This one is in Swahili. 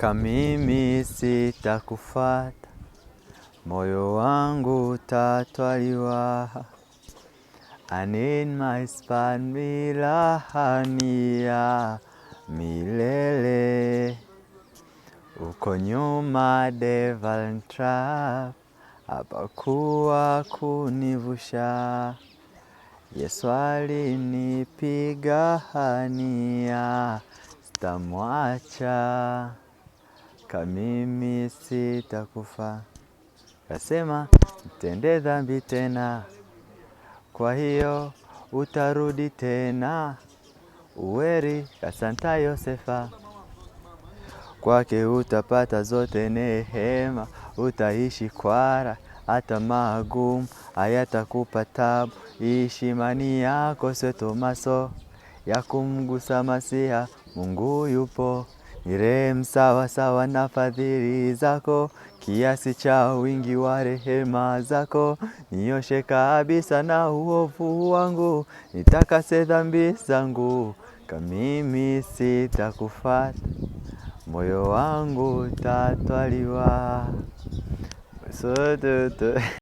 Mpaka mimi sitakufata, moyo wangu tatwaliwa. span maispan milahania milele uko nyuma devil trap hapakuwa kunivusha. Yesu alinipiga hania, sitamwacha. Kamimi sitakufa, kasema mtende dhambi tena, kwa hiyo utarudi tena. Uweri Kasanta Yosefa, kwake utapata zote nehema, utaishi kwara, hata magumu hayatakupa tabu. Ishi imani yako, sio tomaso ya kumgusa Masiha, Mungu yupo. Nirehemu sawa sawa na fadhili zako, kiasi cha wingi wa rehema zako. Nioshe kabisa na uovu wangu, nitakase dhambi zangu. Kamimi sitakufata, moyo wangu tatwaliwa